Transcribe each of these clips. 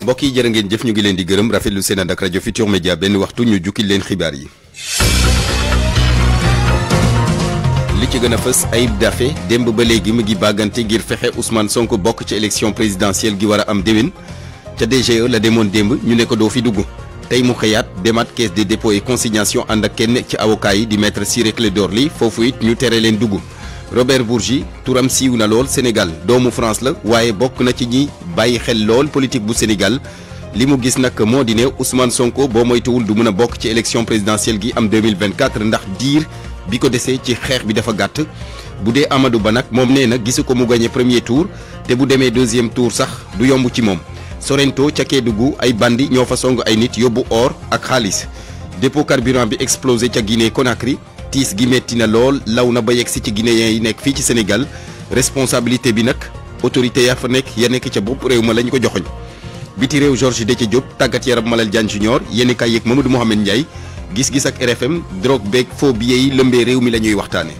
mbokk yi jërë ngeen jëf ñu ngi leen di gërëm rafetlu seen radio ak rajo Futur Media benn waxtu ñu jukki leen xibaar yi. li ci gën a fës Ayib ba ngir Ousmane Sonko bokk ci élection présidentielle gi war a am e la demoon démb ñu ne ko doo fi dugg tey mu xëyaat caisse des dépôts et consignation ànd ak ci avocat yi di maître Ciré Clédor Ly foofu it ñu leen Robert Bourgi Touram siiw Sénégal. Sénégal France la Waye bokk na ci Politik politique bu Sénégal Limou Gisnak Mondine, Ousmane Sonko bo moytuwul du élection présidentielle gi am 2024 ndax Dir, Biko dessé, desee ci bidafagate. bi dafa Amadou premier tour te deuxième tour sax du Sorento cha Dougou, ay bandi ñoo fa or Akhalis. dépôt carburant bi explosé ca Guinée Conakry tiis gi metti na lool law na ba yegg si ci guinéens yi nekk fii ci Sénégal responsabilité bi nag autorité yaa fa nekk ya nekk ca bopp réew ma lañu ko joxoñ biti réew Georges Déthié Diop tàggat yaram Malal Diagne junior yéen i kaay yeeg Mamadou Mohamed Ndiaye gis-gis ak RFM drogue beeg faux billets yi lëmbee réew mi la ñuy waxtaane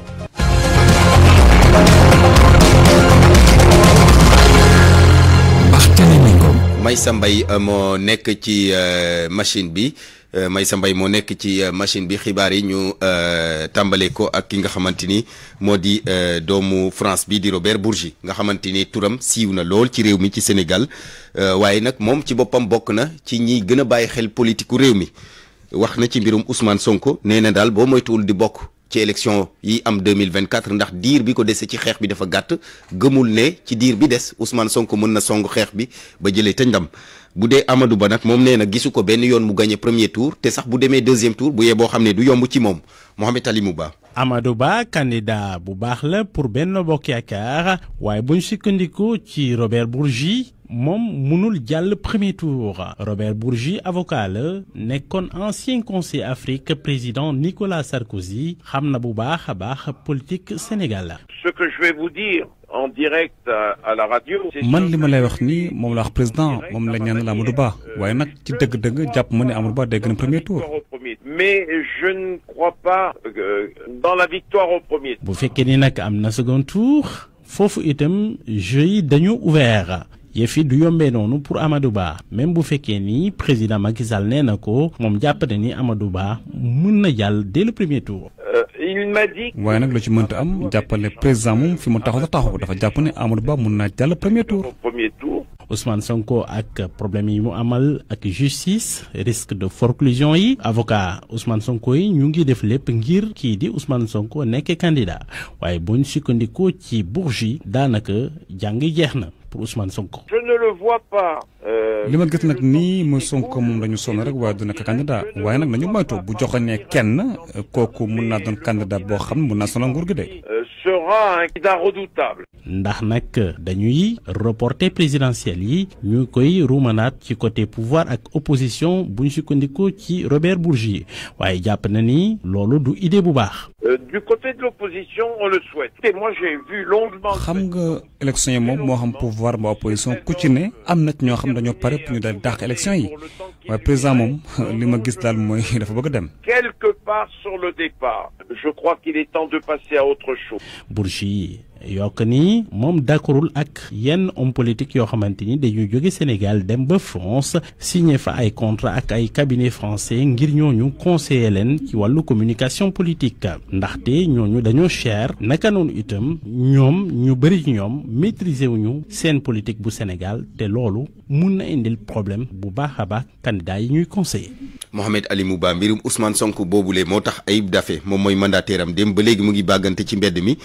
sa mbay euh, moo nekk ci euh, machine bi Euh, Maysa mbay moo nekk ci euh, machine bi xibaar yi ñu euh, tàmbalee ko ak ki nga xamante ni moo di doomu France bi di Robert Bourgi nga xamante ni turam siiw na lool ci réew mi ci Sénégal waaye nag moom ci boppam bokk na ci ñiy gën a bàyyi xel politiku réew mi wax na ci mbirum Ousmane Sonko nee na daal boo moytuwul di bokk. ci élection yi am 2024 ndax dir bi ko dese ci xex bi dafa gatt geumul ne ci dir bi des Ousmane Sonko mën na song xeex bi ba jëlee teñdam ndam Amadou Ba nak mom néna gisuko ben ko yoon mu gagner premier tour té sax bu démé deuxième tour bu yé bo xamné du yomb ci mom Mohamed Ali Ba. Amadou Ba candidat bu bax la pour Benno Bokk Yaakaar waaye buñ sukkandiku ci Robert Bourgi mom mënul jall premier tour Robert Bourgi avocat la nekkoon ancien conseiller Afrique président Nicolas Sarkozy xam na bu baax baax politique Sénégal. Ce que je vais vous dire. en direct à la radio. man li ma lay wax ni moom la wax président moom la ñaanal Amadou Ba euh, waaye nag ci dëgg-dëgg jàpp ma ne Amadou Ba premier tour. mais je ne crois pas euh, dans la victoire au premier. bu fekkee ni nag am na second tour foofu itam jeu yi dañu ouvert yefi du yombe nonu pour Amadou Ba même bu fekkee ni président Macky Sall nee na ko moom jàpp ni Amadou Ba mën na jàll dès le premier tour. Euh, waaye nak lu ci ta am jàppale président moom fi mu taxaw sa taxaw dafa jàpp ni Amadou Ba mun naa jàll premier tour. Ousmane Sonko ak problème yi mu amal ak justice risque de forclusion yi avocat Ousmane Sonko yi ñu ngi def lépp ngir ki di Ousmane Sonko nekk candidat waaye bu ñu sukkandikoo ci Bourgi daanaka jàng jeex pour Ousmane Sonko. je ne euh, li ma gis nag nii mooy Sonko moom la ñu sonn rek waaye du nekk candidat waaye nag nañu moytu bu joxoonee kenn kooku mun naa doon candidat boo xam mun naa sonal nguur gi de. Euh, aura un candidat redoutable. ndax nak dañuy reporter présidentiel yi ñu koy ci côté pouvoir ak opposition bu ñu ci Robert Bourgi waye japp na ni loolu du idée bu baax. Euh, du côté de l'opposition on le souhaite. Et moi j'ai vu longuement. xam nga élection yi moom moo xam pouvoir ba opposition ku ci ne am na ci ñoo xam dañoo paré pour ñu dal dàq élection yi waaye président moom li ma gis daal mooy dafa bëgg dem. quelque part sur le départ. je crois qu'il est temps de passer à autre chose. 古诗。yokk ni moom d'accordul ak yenn homme politique yoo xamante ni dañuy jóge Sénégal dem ba France signé fa ay contrat ak ay cabinet français ngir ñooñu conseiller leen ci wàllu communication politique ndaxte ñooñu dañoo cher naka noonu itam ñoom ñu bëri ci ñoom wuñu seen politique bu Sénégal te loolu mun indil problème bu baax a baax candidat yi ñuy conseiller. Mohamed Ali Mouba mbirum Ousmane Sonko boobule moo tax Ayib Daffé moom mooy mandataire am démb ba léegi mu ngi bàggante ci mbedd mi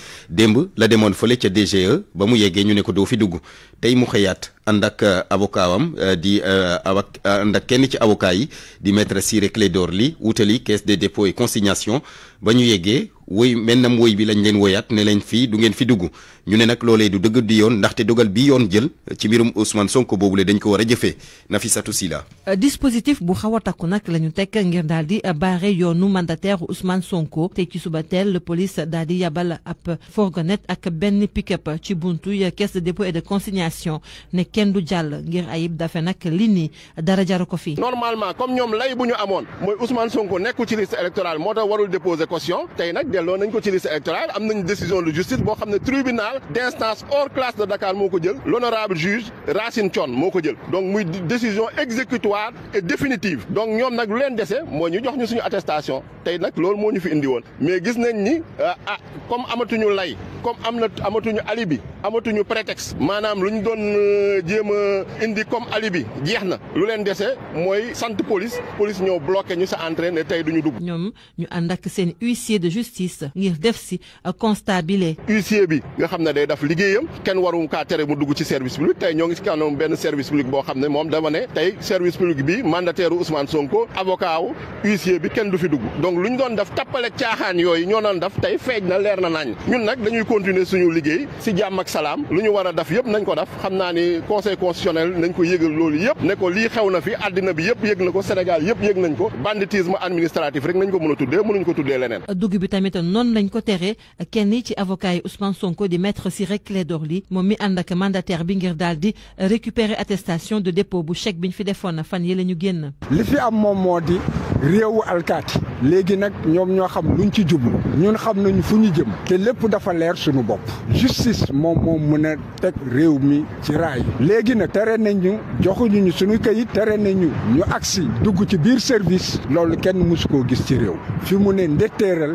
la demoon fole ca DGE ba mu yeggee ñu ne ko doo fi dugg tey mu xëyaat andak ak euh, euh, di euh, andak ànd kenn ci avocat yi di maître Cyril Clédor Ly wutali caisse des dépôts et consignation bañu yeggé woy melnam woy bi lañ leen woyat ne lañ fi du ngeen fi duggu ñu ne nak lolé du deug di yoon ndaxte dogal bi yoon jël ci mbirum Ousmane Sonko bobu le dañ ko wara jëfé jëfee Nafisatou Sila. dispositif bu xaw a takku nag la ñu ngir daldi di yoonu mandataire Ousmane Sonko té ci suba teel la police daldi yabal ap fourgonnette ak ben pick-up ci buntu caisse de dépôt et de consignation nekk kenn du ngir Ayib Daffé nak li ni dara jaru ko fi. normalement comme ñom lay buñu amone moy Ousmane Sonko nekku ci liste électorale moo warul déposer caution tay nak delloo nañ ko ci liste électorale am nañ décision de justice bo xamné tribunal d'instance hors classe de Dakar moko jël l'honorable juge Racine Thion moko jël donc muy décision exécutoire et définitive donc ñom nak lu len déssé mooy ñu jox ñu suñu attestation tay nak lool moo ñu fi indi won mais gis nañ ni euh, ah comme amatuñu lay comme amna amatuñu alibi amatuñu prétexte manam luñ doon euh, jéem a indi comme alibi jeex na lu leen dese mooy sant police police ñoo bloqué ñu sa entrée ne tey duñu dugg. ñoom ñu ànd ak seen huissier de justice ngir def si euh, constat bile. huissier bi nga xam ne day def liggéeyam kenn warum kaa tere mu dugg ci service public tey ñoo ngi si kanam benn service public boo xam ne moom dama ne tey service public bi mandataire Ousmane Sonko avocat wu huissier bi kenn du fi dugg donc lu ñu doon def tappale caaxaan yooyu ñoo doon def tey feeñ na leer na nañ ñun nag dañuy continuer suñu liggéey si jàmm ak salaam lu ñu war a def yëpp nañ ko def xam naa ni conseil constitutionnel nañ ko yëgal loolu yëpp ne ko lii xew na fi àddina bi yëpp yëg na ko Sénégal yëpp yëg nañ ko banditisme administratif rek nañ ko mën a tuddee mënuñ ko tuddee leneen. dugg bi tamit noonu lañ ko teree kenn ci avocat yi Ousmane Sonko di maître Ciré Clédor Ly moom mi ànd ak mandataire bi ngir daal di récupérer attestation de dépôt bu chèque bi ñu fi defoon fan yi la ñu génn. li fi am moom moo di réewu alkaati léegi nag ñoom ñoo xam luñ ci jublu ñun xam nañu fu ñu jëm te lépp dafa leer suñu bopp justice moom moom mën a teg réew mi ci raay léegi nag tere nañ ñu joxuñu ñu suñu kayit tere nañu ñu ñu agsi dugg ci biir service loolu kenn mësu koo gis ci réew fi mu ne ndetteeral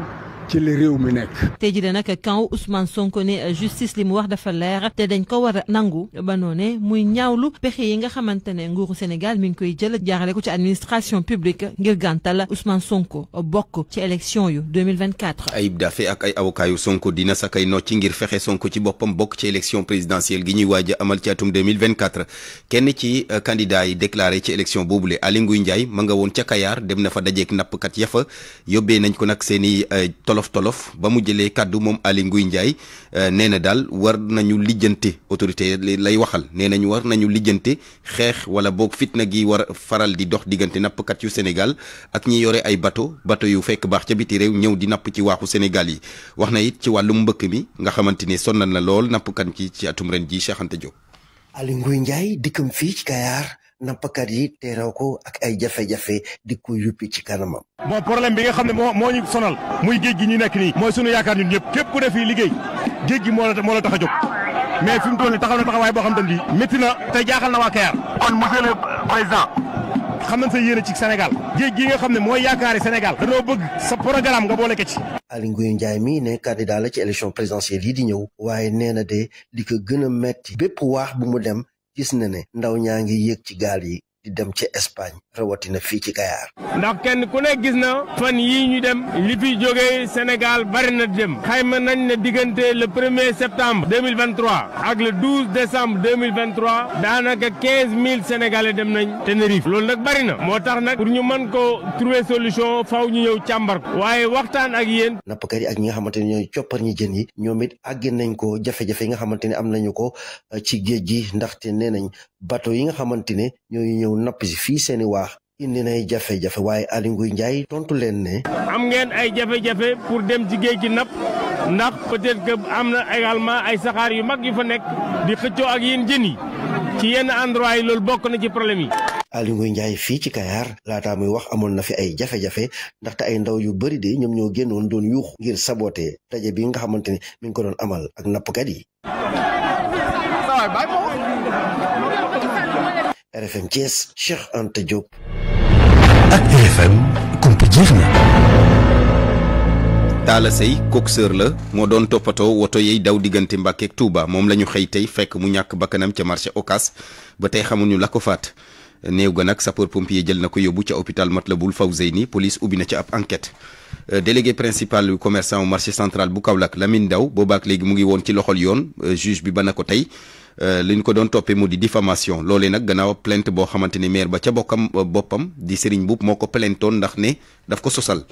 ci la réew mi nekk. tey jii de kaw Ousmane Sonko ne justice li mu wax dafa leer te dañ ko war a nangu ba noone muy ñaawlu pexe yi nga xamante ne nguuru Sénégal mi ngi koy jël jaarale ko ci administration publique ngir gàntal Ousmane Sonko bokk ci élection yu 2024. Ayib Daffé ak ay avocat yu Sonko dina sakay nocci ngir fexe Sonko ci boppam bokk ci élection présidentielle gi ñuy waaj amal ci atum 2024 kenn ci euh, candidat yi déclaré ci élection boobule Aly Ngouille Ndiaye ma nga woon ca Kayar dem na fa dajeek nappkat yafa nañ ko nag seeni euh, tolof-tolof ba mu jëlee kàddu moom Aly Ngouille Ndiaye euh, nee na daal war nañu lijjante autorité lay waxal nee nañu war nañu lijjante xeex wala boog fitna gi war faral di dox diggante nappkat yu Sénégal ak ñi yore ay bato bato yu fekk baax ca biti réew ñëw di napp ci waaxu Sénégal yi wax na it ci wàllum mbëkk mi nga xamante ne sonnal na lool nappkat ci ci atum ren ji Cheikh Anta Diop Aly Ngouille Ndiaye fii ci Kayar nappkat yi teeraw ko ak ay jafe-jafe di ko yuppi ci kanamam. moo problème bi nga xam ne moo moo ñu sonal muy géej gi ñu nekk nii. moo sunu yaakaar ñun ñëpp képp ku def fii liggéey géej gi moo la tax a jóg mais fi mu toll nii taxaw na taxawaay boo xam te ni. métti na te jaaxal na waa Kayar. kon monsieur le xam nañ sa yéene ci Sénégal. géej gi nga xam ne mooy yaakaari Sénégal. dañoo bëgg sa programme nga boole ko ci. Aly Ngouille Ndiaye mii ne candidat la ci élection présidentielle yi di ñëw. waaye nee na de di ko gën a metti bépp waax bu mu dem gis na ne ndaw ñaa ngi yéeg ci gaal yi di dem ci Espagne rawatina fii ci Kayaar. ndax kenn ku ne gis na fan yii ñu dem li fi jógee Sénégal bari na dem xayma nañ ne diggante le premier septembre deux mille vingt trois ak le douze mille vingt daanaka quinze mille sénégalais dem nañ Tenerife loolu nag bari na moo tax nag pour ñu mën ko trouver solution faaw ñu ñëw càmbar waaye waxtaan ak yéen. nappkat yi ak ñi nga xamante ne ñooy coppar ñi jën yi ñoom it àgg nañ ko jafe-jafe yi nga xamante ne am nañu ko eh, ci géej gi ndaxte nee nañ bateau yi nga xamante ne ñooy napp si fii seeni waax indi nay jafe-jafe waaye Aly Ngouille Ndiaye tontu leen ne. am ngeen ay jafe-jafe pour dem ci géej gi napp ndax peut-être que am na également ay saxaar yu mag yu fa nekk di xëccoo ak yéen jën yi ci yenn endroit yi loolu bokk na ci problème yi. ci Kayar muy wax na fi ay jafe-jafe ndaxte ay ndaw yu bëri de ñoom ñoo génnoon doon yuux ngir sabote daje bi nga xamante mi ngi ko doon amal ak nappkat yi. RFM Thiès Cheikh Anta Diop. ak RFM Sey coxeur la moo doon toppatoo woto yey daw diggante Mbàkke ak moom la ñu xëy tey fekk mu ñàkk bakkanam ca marché ocas ba tey xamuñu la ko faat. néew ga nag sapeur pompier jël na ko yóbbu ca hôpital Matlaboul Fawzeyni police ubbi na ca ab enquête euh, délégué principal yu commerçant au marché central bu Kaolack Lamine Daw boobaak léegi mu ngi woon ci loxol yoon euh, juge bi ba na ko tey. Euh, li ñu ko doon toppee mu di diffamation loolee nag gannaaw plainte boo xamante ni maire ba ca bokkam euh, boppam di Serigne Mboup moo ko plaintoon ndax ne daf ko sosal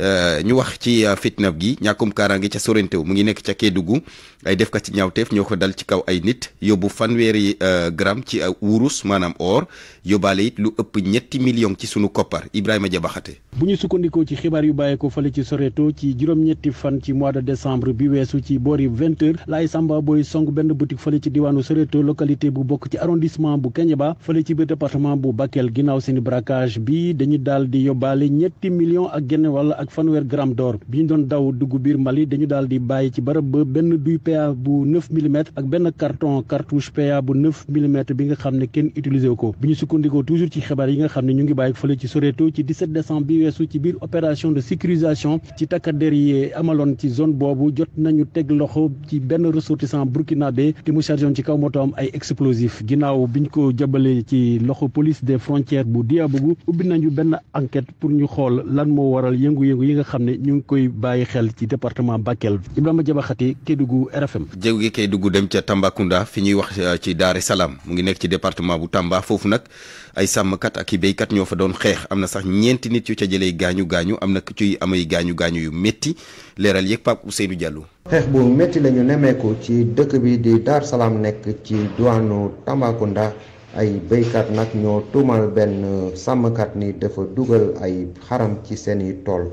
euh, ñu wax ci fitna gi ñàkkum kaaraange ca Sorentew mu ngi nekk ca Kédougou ay def ka ci ñaawteef ñoo ko dal ci kaw ay nit yóbbu fanweeri gramme ci wurus maanaam or yóbbaale it lu ëpp ñetti million ci sunu koppar Ibrahima Jabaxate bu ñu sukkandikoo ci xibaar yu bàyyeekoo fële ci Soreto ci juróom-ñetti fan ci mois de décembre bi weesu ci boori vingt heures la ay samba booy song benn boutique fële ci diwaanu Soreto localité bu bokk ci arrondissement bu Kéniéba fële ci biir département bu Bakel ginnaaw seen braquage bi dañu daal di yóbbaale ñetti millions ak genn wàll ak fanweer gramme d'or bi ñu doon daw dugg biir Mali dañu daal di bàyyi ci barab ba benn duy PA bu neuf millimètres ak benn carton cartouche PA bu neuf millimètres bi nga xam ne kenn utilisé ko bi yi ci biir opération de sécurisation ci takk der yi amaloon ci zone boobu jot nañu teg loxo ci benn ressortissant burkinabé te mu chargé ci kaw moto am ay explosif ginnaaw ñu ko jëbalee ci loxo police des frontières bu Diabougou ubbi nañu benn enquête pour ñu xool lan moo waral yëngu-yëngu yi nga xam ne ñu ngi koy bàyyi xel ci département Bakel Ibrahima Jabaxate Kédougou RFM. jéego gi Kédougou dem ca Tambacounda fi ñuy wax euh, ci Daaru Salaam mu ngi nekk ci département bu Tamba foofu nag. ay sàmmkat ak i béykat ñoo fa doon xeex am na sax ñeenti nit yu ca jëlee gaañu gaañu am na ciy amay gaañu gaañu yu métti leeral yëg Pape seenu Diallo. xeex bu métti la nemeeku ci dëkk bi di Dar Salaam nekk ci diwaanu Tambacounda ay béykat nag ñoo tuumal benn sàmmkat ni dafa dugal ay xaram ci seeni tool.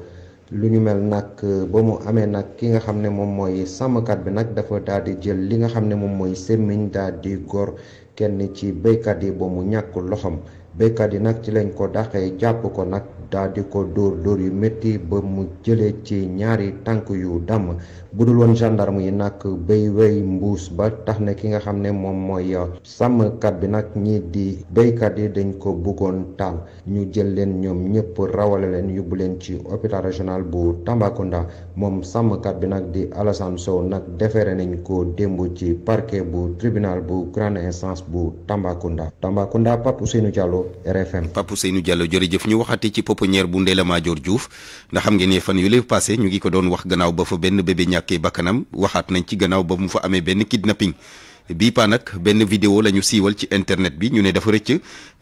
lu ñu mel nag ba mu amee nag ki nga xam ne moom mooy sàmmkat bi nag dafa daal di jël li nga xam ne moom mooy semmiñ daal di gor kenn ci béykat yi ba mu ñàkkul loxam béykat yi nag ci lañ ko daxee jàpp ko nag daal di ko dóor dóor yu métti ba mu jëlee ci ñaari tànk yu dàmm bu dul woon gendarme yi nag béy wey mbuus ba tax na ki nga xam ne moom mooy sàmmkat bi nag ñii di béykat yi dañ ko bëggoon taal ñu jël leen ñoom ñëpp rawale leen yóbbu leen ci hôpital régional bu Tambacounda moom sàmmkat bi nag di Alassane nag defeere nañ ko démb ci parquet bu tribunal bu grande instance bu Tambacounda Tambacounda Pape Ousseynou Diallo RFM. pouponnière bu Ndella Madior Diouf ndax xam ngeen ne fan yu lay passé ñu ngi ko doon wax gannaaw ba fa benn bébé ñàkkee bakkanam waxaat nañ ci gannaaw ba mu fa amee benn kidnapping bii paa benn vidéo la ñu siiwal ci internet bi ñu ne dafa rëcc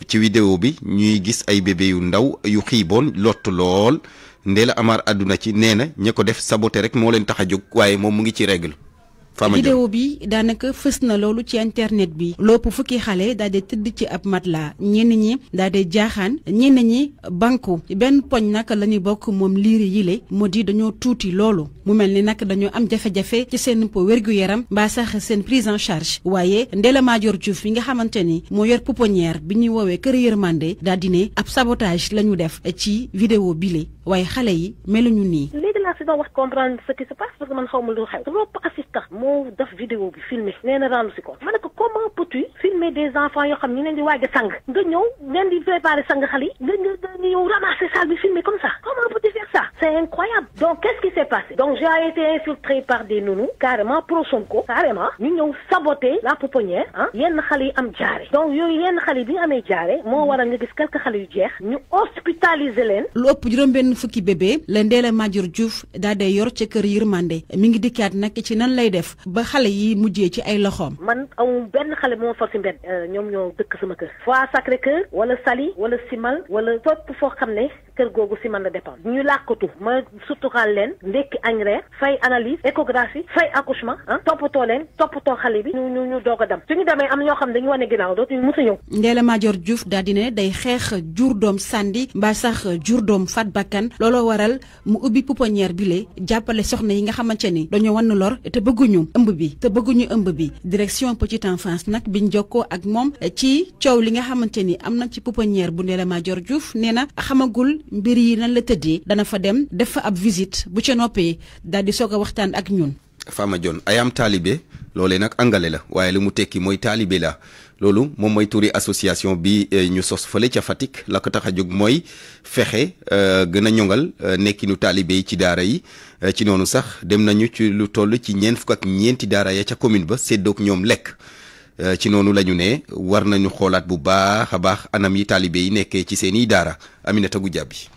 ci vidéo bi ñuy gis ay bébé yu ndaw yu xiiboon lott lool ndeela Amar àdduna ci nee na ña ko def saboté rek moo leen tax a jóg waaye moom mu ngi ci règle vidéo bi daanaka fës na loolu ci internet bi lopp fukki xale daal tëdd ci ab matelas ñenn ñi daal di jaaxaan ñenn ñi banku benn poñ nag la ñu bokk moom liiri yile moo di dañoo tuuti loolu mu mel ni nag dañoo am jafe-jafe ci seen po wér-gu-yaram mbaa sax seen prise en charge waaye Ndella Madior Diouf yi nga xamante ni moo yor pouponnière bi ñuy woowee kër yërmande daal di ne ab sabotage la ñu def ci vidéo bile waaye xale yi meluñu nii laa si doon wax comprendre ce qui se passe parce que man xaw ma lu xew sama assistant moo def vidéo bi filmé nee na rendu si compte ma ne ko comment peux-tu filmer des enfants yo xam ni leen di waaj sang nga ñew leen di sang xali nga nga ramasser salle bi filmer comme ça comment peux-tu faire ça c'est incroyable donc qu'est-ce qui s'est passé donc j'ai été infiltré par des nounous carrément pro Sonko carrément ñu ñew saboter la pouponnière ah yenn xali am jaare donc yoy yenn xali yi bi ñu amee jaare nga gis quelques xali yu jeex ñu hospitaliser len lopp ëpp ben fukki bébé la Ndella Madior Diouf daal day yor ca kër yërmande mi ngi dikkaat nag ci nan lay def ba xale yi mujjee ci ay loxoom. man amu benn xale moo for si mbedd. Euh, ñoom ñoo dëkk sama kër. Foire sacre Cœur wala Saly wala Simal wala fépp foo xam ne kër googu si man la dépend ñu làkkatu ma suturaal leen ndekki añ reer fay analyse échographie fay accouchement ah toppatoo leen toppatoo xale bi ñu ñu ñu doog a dem suñu demee am ñoo xam dañu wane ginnaaw dootuñu mos a ñëw Ndella Madior Diouf daal di ne day xeex jur doom sàndi mbaa sax jur doom fat bakkan looloo waral mu ubbi pouponnière bi le jàppale soxna yi nga xamante ni dañoo wan lor te bëgguñu ëmb bi te bëgguñu ëmb bi direction petite enfance nag biñ jokkoo ak moom ci coow li nga xamante ni am na ci pouponnière bu Ndella Madior Diouf nee na xamagul mbir yi nan la tëddee dana fa dem def fa ab visite bu ca noppee daal di soog a waxtaan ak ñun. Fama Dione ayam taalibe loolee nag angale la waaye lu mu tekki mooy taalibe la loolu moom mooy turi association bi eh, ñu sos fële ca Fatick la ko tax a jóg mooy fexe eh, gën a ñoŋal eh, nekkinu taalibe yi ci daara yi ci noonu sax dem nañu ci lu toll ci ñeent fukk ak ñeenti daara ya ca commune ba séddoog ñoom lekk. Euh, ci noonu la ñu ne war nañu xoolaat bu baax a baax anam yi taalibe yi nekkee ci seen seeni daara Aminata Goudiaby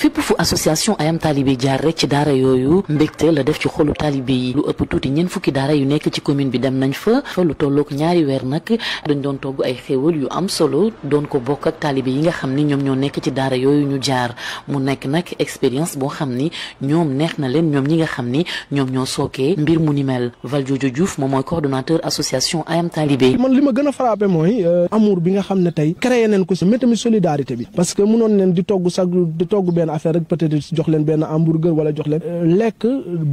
fépp fu association ayam talibé jaar rek ci daara yoyu mbégte la def ci xolu talibé yi lu ëpp tuuti ñen fukki daara yu nekk ci commune bi dem nañ fa fa lu tollook ñaari wër nak dañ doon togg ay xéewal yu am solo doon ko bokk ak taalibe yi nga xamni ñom ñoom ñoo nekk ci daara yoyu ñu jaar mu nekk nak experience bo xamni ñom neex na leen ñom ñi nga xamni ñom ñoom ñoo sookee mbir mu ni mel Valdiodio Diouf moom mooy coordonnateur association ayam talibé man lima gëna frappé moy euh, amour bi nga xam tay tey créé nañ ko ci mais solidarité bi parce que mënoon nañ di togg sa di togg benn affaire rek peut-être jox leen benn hamburger wala jox leen euh, lekk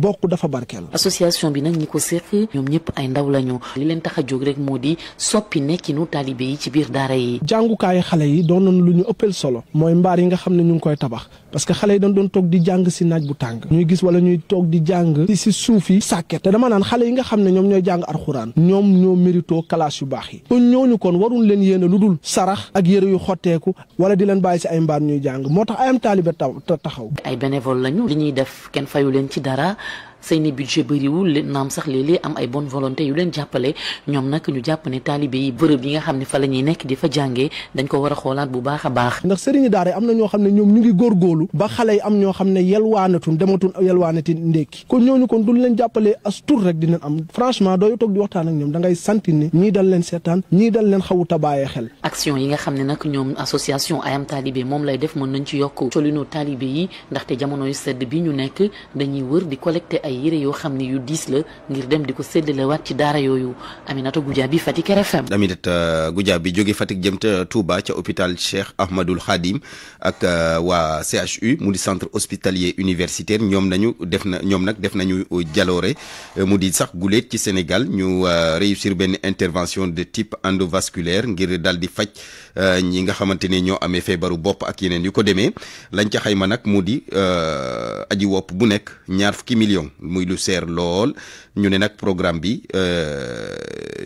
bokk dafa barkeel. association bi nag ñi ko séq ñoom ñëpp ay ndaw lañu li leen tax a jóg rek moo di soppi nu taalibe yi ci biir daara yi. jàngukaayu xale yi doon nañu lu ñu ëppal solo mooy mbaar yi nga xam ne ñu ngi koy tabax parce que xale yi dañ doon toog di jàng si naaj bu tàng ñuy gis wala ñuy toog di jàng si si suuf yi sàkket te dama naan xale yi nga xam ne ñoom ñooy jàng arxuraan ñoom ñoo mérito classe yu baax yi kon ñooñu kon warul leen yéene lu dul sarax ak yëre yu xotteeku wala di leen bàyyi si ay mbaam ñuy jàng moo tax ayam taalibe taxaw ay bénévole lañu li ñuy def kenn fayu leen ci dara seeni budget bëriwul naam sax léeg-léeg am ay bonne volonté yu leen jàppale ñoom nag ñu jàpp ne taalibe yi bërëb yi nga xam ne fa la ñuy nekk di fa jàngee dañ ko war xoolaat bu baax a baax ndax sëriñi daara am na ñoo xam ne ñoom ñu ngi góorgóorlu ba xale yi am ñoo xam ne yelwaanatun dematun yelwaanati ndékki kon ñooñu kon duñ leen jàppalee as tur rek dinañ am franchement dooy toog di ak ñoom da ngay ni ñii dal leen seetaan ñii dal leen xawu tabaayee xel action yi nga xam ne nag ñoom association ayam taalibe moom lay def mën nañ ci yokk colinu taalibe yi ndaxte jamono yu sedd bi ñu nekk dañuy wër di collecter ay ay yére yoo xam ne yu diis la ngir dem di ko séddalewaat ci daara yooyu Aminata Goudiaby Fatick RFM. Aminata euh, Goudiaby jóge Fatick jëm te Touba ca hôpital Cheikh Ahmadul Khadim ak euh, waa CHU mu di centre hospitalier universitaire ñoom nañu def na ñoom nag def nañu jaloore euh, mu di sax guléet ci Sénégal ñu réussir benn intervention de type endovasculaire ngir daal di faj. Euh, ñi nga xamante ni ñoo amee feebaru bopp ak yeneen yu ko demee lañ ca xayma nag mu di euh, aji wopp bu nekk ñaar fukki million muy lu seer lool ñu ne nag programme bi euh,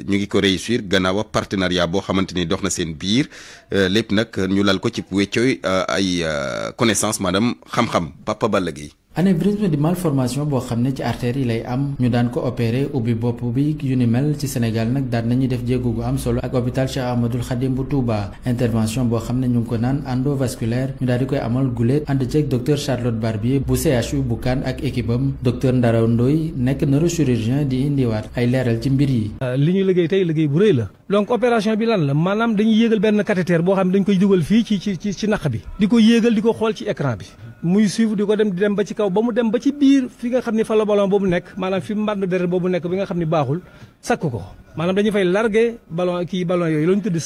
ñu ngi ko réussir gannaaw partenariat boo xamante ni dox na seen biir lépp nag ñu lal ko ci wéccooy ay connaissance maanaam xam-xam Papa Balla gi anévrisme di malformation boo xam ne ci artère yi lay am ñu daan ko opéré ubbi bopp bi yu ni mel ci Sénégal nag daan nañu def jéego gu am solo ak hôpital Cheikh Ahmadoul Khadim bu Touba intervention boo xam ne ñu ngi ko naan endovasculaire ñu daal di koy amal guléet ànd ceeg docteur Charlotte Barbier bu CHU bu Kaan ak équipe am docteur Ndaraw Ndoy nekk neurochirurgien di indiwaat ay leeral ci mbir yi. Euh, li ñu liggéey tey liggéey bu rëy la. donc opération bi lan la maanaam dañuy yéegal benn cathéter boo xam ne dañ koy dugal fii ci ci ci naq bi. di ko yéegal di ko xool ci écran bi. muy suivre di ko dem di dem ba ci kaw ba mu dem ba ci biir fi nga xam ni falo la ballon boobu nekk maanaam fi mbànd deret boobu nekk bi nga xam ni baaxul sakk ko maanaam dañu fay largué balon kii balon yooyu la ñu tudd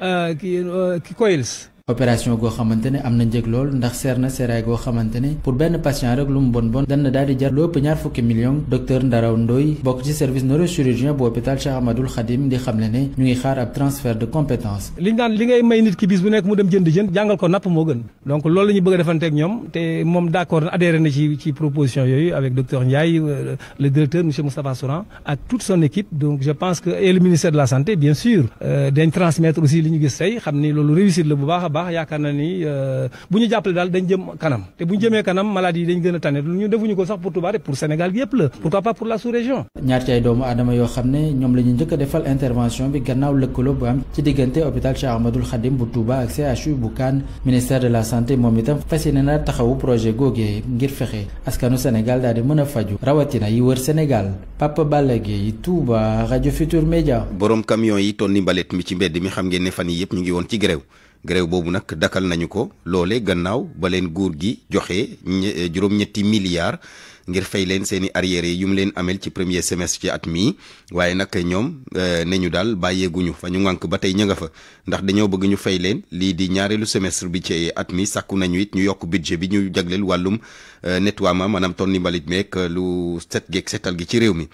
euh, ki euh, kii coils opération go xamantene amna am lol ndax serna seray go xamantene pour ben patient rek lu mu bon bon dana daal di jar lu ñaar fukki million docteur Ndaraw Ndoy bok ci service neurochirurgien bu hôpital Cheikh Ahmadoul Khadim di xamle ne ñu ngi xaar ab transfert de compétences liñ dan li ngay may nit ki bis bu nek mu dem jënd jënd jangal ko nap mo gën donc loolu la bëgg defante ak ñom té mom d'accord adhéré na ci ci proposition yoyu avec docteur Ndiaye euh, le directeur monsieur Moustapha Souran ak toute son équipe donc je pense que et le ministère de la santé bien sûr euh, dañ transmettre aussi liñu gis tey xamni lolou loolu réussite la bu baax baax baax yaakaar na ni euh, bu ñu jàppale daal dañ jëm kanam te bu ñu jëmee kanam maladie dañ gën a tane lu ñu defuñu ko sax pour Touba pour Sénégal gi yëpp la pourquoi pas pour la sous-région. ñaar ci doomu aadama yoo xam ne ñoom la ñu njëkk defal intervention bi gannaaw lëkkaloo bu am ci diggante hôpital Cheikh Ahmadoul Khadim bu Touba ak CHU bu Kaan ministère de la santé moom itam fas yéene na taxawu projet googee ngir fexe askanu Sénégal daal di mën a faju rawatina yi wër Sénégal Papa Balla Gueye Touba rajo Futur Média. borom camion yi tonni mbalit mi ci mbedd mi xam ngeen ne fan yi yëpp ñu ngi woon ci grève grève boobu nag dakal nañu ko loole gannaaw ba leen góor gi joxe eh, juróom-ñetti milliards ngir fay leen seen i arrière yi yu mu leen amel ci premier semestre ci at mi waaye nag ñoom eh, ne ñu daal bàyyeeguñu fa ñu ngànk ba tey ña nga fa ndax dañoo bëgg ñu fay leen lii di ñaareelu semestre bi ci at mi sàkku nañu it ñu yokk budget bi ñu jagleel wàllum eh, nettoiement maanaam tonni mbalit meek lu set geek setal gi ci réew mi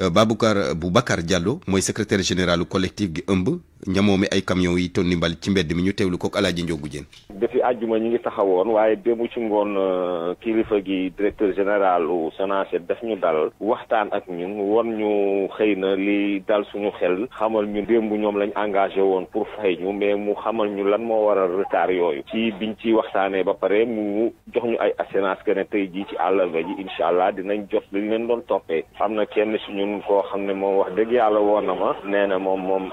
bu Boubacar Diallo mooy secretaire général collectif gi ëmb ñamoome ay camion yi tonni mbal ci mbedd mi ñu ko kook alaaji njogu jeen depuis àjjuma ñu ngi taxawoon waaye démb ci ngoon euh, kilifa gi directeur général u SONAGED daf ñu dal waxtaan ak ñun woon ñu xëy na li dal suñu xel xamal ñu démb ñoom lañ engagé woon pour fay ñu mais mu xamal ñu lan moo waral retard yooyu ci biñ ci waxtaanee ba pare mu jox ñu ay assurance que ne tey jii ci àllarba ji incha allah dinañ jot liñ leen doon toppee am na kenn si ñun koo xam ne moom wax dëgg yàlla woon na ma nee na moom moom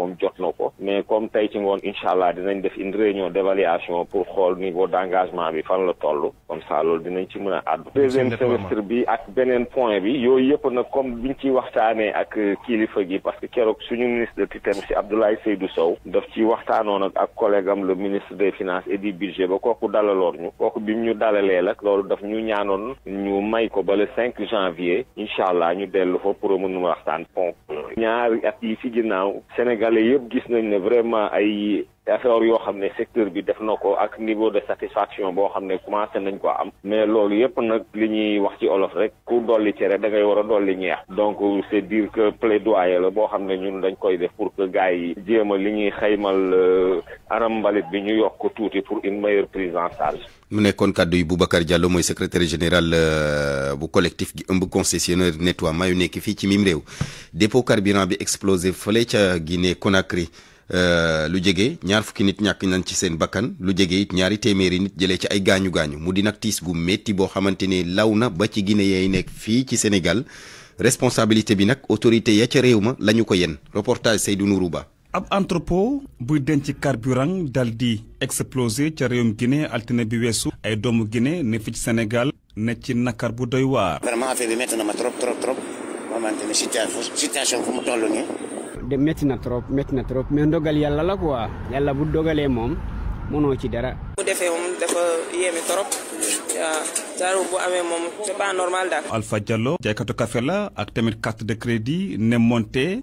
moom jot na ko mais comme tey ci ngoon incha allah dinañ def une réunion d'évaluation pour xool niveau d'engagement bi fan la toll comme ça loolu dinañ ci mën a àddu deuxième semestre bi ak beneen point bi yooyu yëpp nag comme biñ ciy waxtaanee ak kilifa gi parce que keroog suñu ministre de tutelle si Abdoulaye Seydou Sow daf ci waxtaanoon ak ak collègue am le ministre des finance et du budget ba kooku dalaloon ñu kooku bi ñu dalalee la loolu def ñu ñaanoon ñu may ko ba le cinq janvier incha allah ñu dellu fa pour a mën waxtaan sénégalais yëpp gis nañ ne vraiment ay effort yoo xam ne secteur bi def na ko ak niveau de satisfaction boo xam ne commencé nañ ko am mais loolu yëpp nag li ñuy wax ci olof rek ku dolli cere da ngay war a dolli ñeex donc c'est dire que plaidoyer la boo xam ne ñun dañ koy def pour que gars yi jéem a li ñuy xaymal euh, anam mbalit bi ñu yokk ko tuuti pour une meilleure prise en charge mu nekkoon kàddu yi Boubacar Diallo mooy secrétaire général euh, bu collectif gi ëmb concessionnaire nettoiement yu nekk fii ci mim réew dépôt carburant bi explosé fële ca Guinée Conakry euh, lu jege ñaar fukki nit ñàkk nañ ci seen bakkan lu jege ñaari téeméeri nit jëlee ci ay gaañu gaañu mu di nag tiis gu métti boo xamante ne law na ba ci Guinée yay nekk fii ci Sénégal responsabilité bi nag autorité ya ca réew ma la ñu ko yenn reportage du Nourou Ba ab entrepôt buy denc carburant dal di explosé ca réewum Guinée altine bi weesu. ay doomu Guinée ne fi ci senegal ne ci nakar bu doy waar. vraiment affaire bi métti na ma trop trop trop xamante ne ndogal yàlla la quoi yàlla bu dogalee moom mënoo ci dara. bu defee moom dafa yéeme trop. waaw bu amee moom c'est pas normal daal. Alpha jaaykatu café la ak tamit carte de crédit ne monté.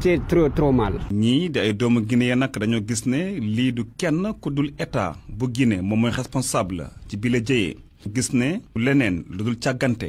c'est ñii di ay doomu Guinée nag dañoo gis ne lii du kenn ku dul état bu Guinée moom mooy responsable ci bi la jëyee. gis ne leneen lu dul càggante.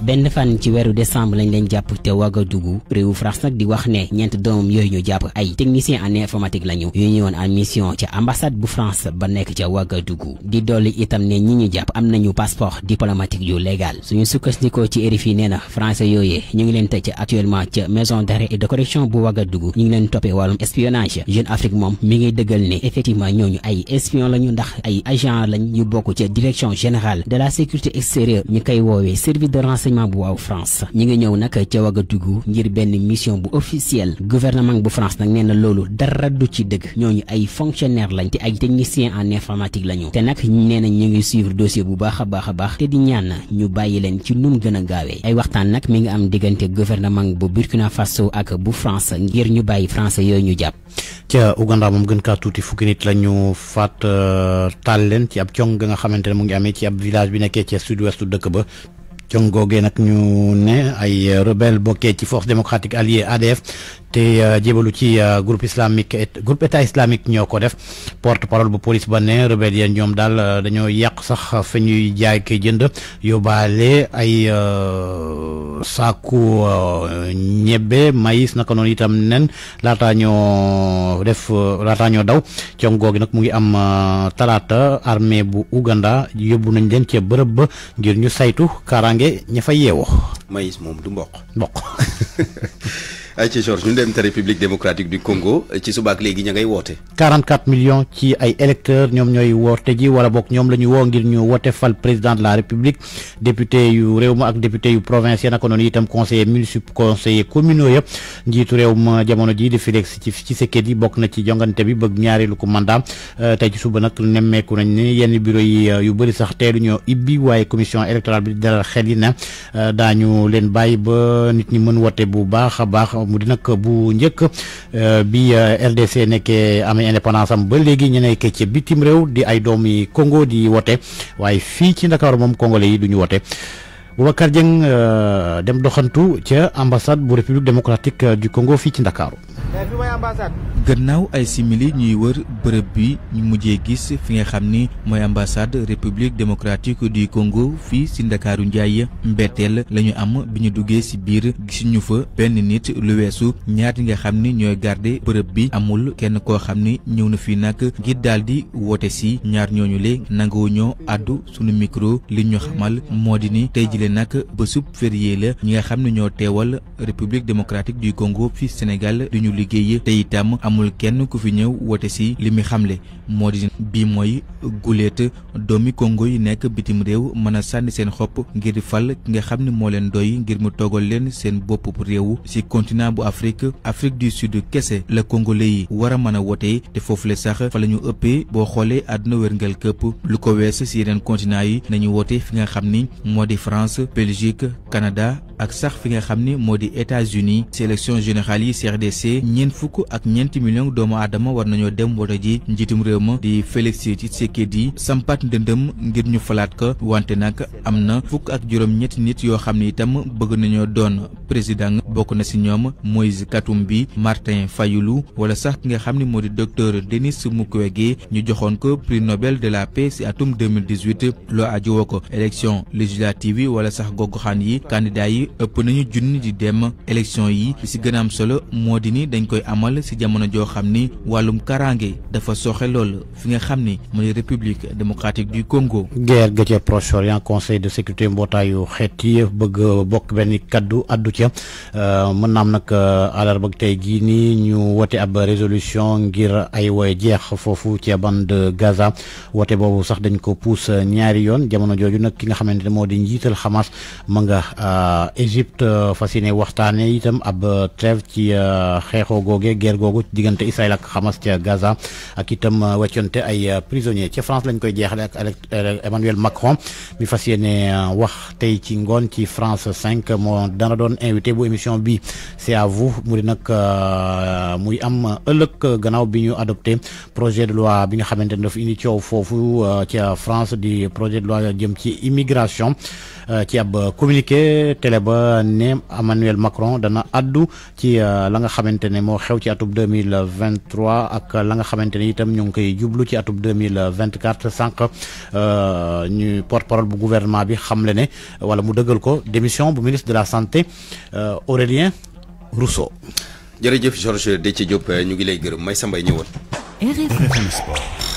benn fan ci weeru décembre lañ leen jàpp te Ouagadougou réewu France nag di wax ne ñeent doomam yooyu ñu jàpp ay technicien en informatique lañu yu ñu woon en mission ca ambassade bu France ba nekk ca Ouagadougou di dolli itam ne ñi ñu jàpp am nañu passeport diplomatique yu légal suñu sukkandikoo ci RFI nee na français yooyee ñu ngi leen tëj actuellement ca maison d'arrêt et de correction bu Ouagadougou ñu ngi leen toppee wàllum espionnage Jeune Afrique moom mi ngi dëggal ne effectivement ñooñu ñu bokk ca direction générale de la sécurité renseignement bu France ñi ngi ñëw nag ca Ouagadougou ngir benn mission bu officielle gouvernement bu France nag nee na loolu dara du ci dëgg ñooñu ay fonctionnaire lañ te ay technicien en informatique lañu te nag nee na ngi suivre dossier bu baax a baax a di ñaan ñu leen ci num ay waxtaan nag mi ngi am gouvernement bu Burkina Faso ak bu France ngir ñu bàyyi France yooyu ñu jàpp ca Ouganda moom gën kaa tuuti fukki nit la ñu faat euh, taal leen ci ab cong nga mu ngi ci ab village bi ci sud-ouest dëkk ba cong googee nag ñu ne ay euh, rebel bokkee ci force démocratique alliée ADF te euh, jébalu ci euh, groupe islamique groupe état islamique ñoo ko def porte parole bu police ba ne rebelle ya ñoom daal dañoo yàq sax fa ñuy jaay koy jënd yóbbaale ay saaku ñebbe maïs naka noonu itam nen laata ñoo def laata ñoo daw cong googi nag mu ngi am talaata armée bu Ouganda yóbbu nañ leen ca bërëb ngir ñu saytu karang kaaraange ña fa yeewoo. maïs moom du mboq. mboq ay ci Georges ñu dem te République démocratique du Congo ci subaak léegi ña ngay woote 44 millions ci ay électeurs ñoom ñooy woote ji wala boog ñoom la ñu woo ngir ñu woote fal président de la République député yu réew ma ak député yu province ya naka noonu itam njiitu réew ma jamono ji di Félix ci Tshisekedi bokk na ci jongante bi bëgg ñaareelu ko mandat euh, tey ci suba nag nemmeeku nañ ne yenn bureau yi euh, yu bëri sax teelu ñoo ibbi waaye commission électorale bi dalal xel yi ne euh, daañu leen bàyyi ba nit ñi mën woote bu baax a baax mu di nag bu njëkk euh, bi RDC euh, nekkee amee indépendance am ba léegi ñu nekk ci bitim réew di ay doomi Congo di wote waaye fii ci Ndakaaru moom congolais yi duñu ñu wote Boubacar Dieng eh, dem doxantu ca ambassade bu république démocratique eh, du Congo fii ci Ndakaaru. gannaaw ay simili ñuy wër bërëb bi ñu mujjee gis fi nga xam ni mooy ambassade république démocratique du Congo fii si Ndakaaru Ndiaye mbetteel la ñu am bi ñu duggee biir gisuñu fa benn nit lu nga bi amul kenn ko hamni ni ñëw na fii nag ngir daal di woote si ñaar ñooñu le nangoo ñoo àddu suñu micro xamal le nag bésub férié la ñi nga xam ne ñoo teewal république démocratique du Congo fi Sénégal du ñu liggéey te itam amul kenn ku fi ñëw wote si li mu xamle moo di bi mooy guleet doomi kongo yi nekk bitim réew mën a sànni seen xopp ngir fal ki nga xam ne moo leen doy ngir mu toogal leen seen bopp réew ci continent bu Afrique Afrique du Sud kese la congolais yi war a mën a wote te foofu le sax fa la ñu ëppee boo xoolee àdduna wërngël këpp lu ko wees ci Belgique Canada ak sax fi nga xamni Modi États-Unis sélection générale yi CRDC ñeent fukk ak ñent million doomu adama war nañu dem woto ji njiitum réew di Félix Tshisekedi sampat ndëndëm ngir ñu falaat ko wante nak amna fuk ak juroom ñetti nit yo bëgg président bokku na ci Moïse Katumbi Martin Fayulu wala sax ki nga docteur Denis Mukwege ñu prix Nobel de la paix ci atum 2018 Lo aji élection législative wala sax gogoxaan yi candidat yi ëpp nañu junni di dem élection yi li si gën am solo moo di ni dañ koy amal si jamono joo xam ni wàllum karange dafa soxe lool fi nga xam ni mu di république démocratique du Congo. guerre ga ca Proche-Orient conseil de sécurité mbootaayu xeet yi bëgg bokk benn kaddu addu ca euh, mën naam nag euh, àllarba tey gii nii ñu wote ab résolution ngir ay woy jeex foofu ca bande Gaza wote boobu sax dañ ko puus ñaari yoon jamono jooju Hamas manga nga euh, Égypte euh, fasciné waxtane itam ab euh, trêve ci xeexoo gogé guerre googu diggante Israël ak Hamas ci Gaza ak itam wecconte ay prisonniers ci France lañ koy jeexale ak Emmanuel Macron mi fas wax tay ci ngone ci France 5 mo dana don invité bu émission bi c'est à vous mu di muy am ëllëg gannaaw biñu adopté projet de loi bi nga xamanté ne dafa indi coow fofu ci France di projet de loi jëm ci immigration euh, qui a euh, communiqué télé ne Emmanuel Macron dana addu ci euh, la nga xamantene mo xew ci atub 2023 ak la nga xamantene itam ñu ngi jublu ci atub 2024 sànq ñu porte-parole bu gouvernement bi xamle ne wala mu dëggal ko démission bu ministre de la santé Aurélien Rousseau. jërëjëf Georges Déthié Diop ñu ngi lay gërëm may sambay ñëwoon. RFM Sport.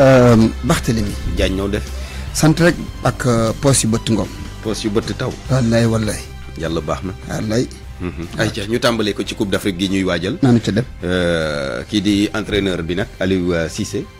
Euh, Barthélemy Diagne ñëw def sant rek ak euh, poos yu bëtt ngoom poos yu bëtt taw wallaay wallaay yàlla baax na wallaay mhm. ayca ñu tàmbalee ko ci coupe d'Afrique gi ñuy waajal naanu ca dem euh, kii di entreneur bi nag Aliou Cissé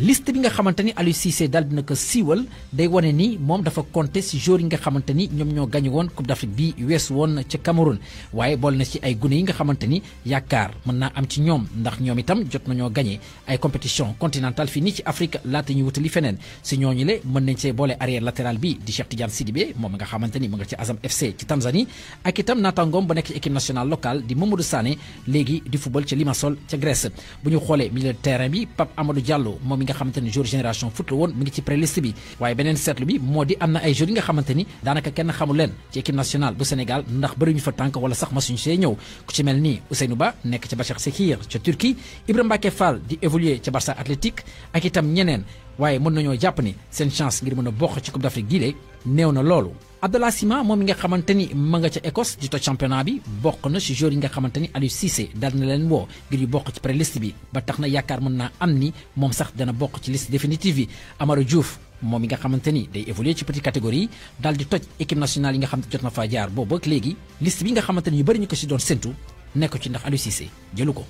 liste bi nga xamante ni Aliou Cissé daal dina ko siiwal day wane ni moom dafa compter ci yi nga xamante ni ñoom ñoo gagné woon Coupe d'Afrique bi weesu woon ca Cameroun waaye boole na ci ay gune yi nga xamante ni yaakaar mën naa am ci ñoom ndax ñoom itam jot nañoo gagné ay compétition continentale fii nii ci Afrique laata ñu wutali feneen si ñooñu le mën nañ see boole arrière latéral bi di Cheikh Tidiane Sidibé moom nga xamante ni mu nga ci Azam FC ci Tanzanie ak itam naataangoom ba nekk ci équipe nationale locale di Mamadou Sané léegi di football ca Limassol ca Grèce bu ñu xoolee milieu terrain bi Pape Amadou Diallo moom mi nga xamante ni jour génération foot la woon mi ngi ci préliste bi waaye beneen seetlu bi moo di am na ay jours yi nga xamante ni daanaka kenn xamul leen ci équipe nationale bu Sénégal ndax bëri ñu fa tànk wala sax masuñu see ñëw ku ci mel ni Ousseynou Ba nekk ca Başakşehir ca Turquie Ibrahima Mbacké Fall di évoluer ca Barça Athlétique ak itam ñeneen waaye mën nañoo jàpp ni seen chance ngir mën a bokk ci Coupe d'Afrique gii de néew na loolu Abdallah Sima moom mi nga xamante ni ma nga ca Écosse di toj championnat bi bokk na ci yi nga xamante ni Aliou Cissé dal na leen woo ngir yu bokk ci pré-liste bi ba tax na yaakaar mën naa am ni moom sax dana bokk ci liste définitive bi Amara Diouf moom mi nga xamante ni day évoluer ci petite catégorie daal di toj équipe nationale yi nga xam ne jot na faa jaar boobu ak léegi liste bi nga xamante ni ñu bëri ñu ko ci doon séntu nekk ci ndax Aliou Cissé jëlu ko.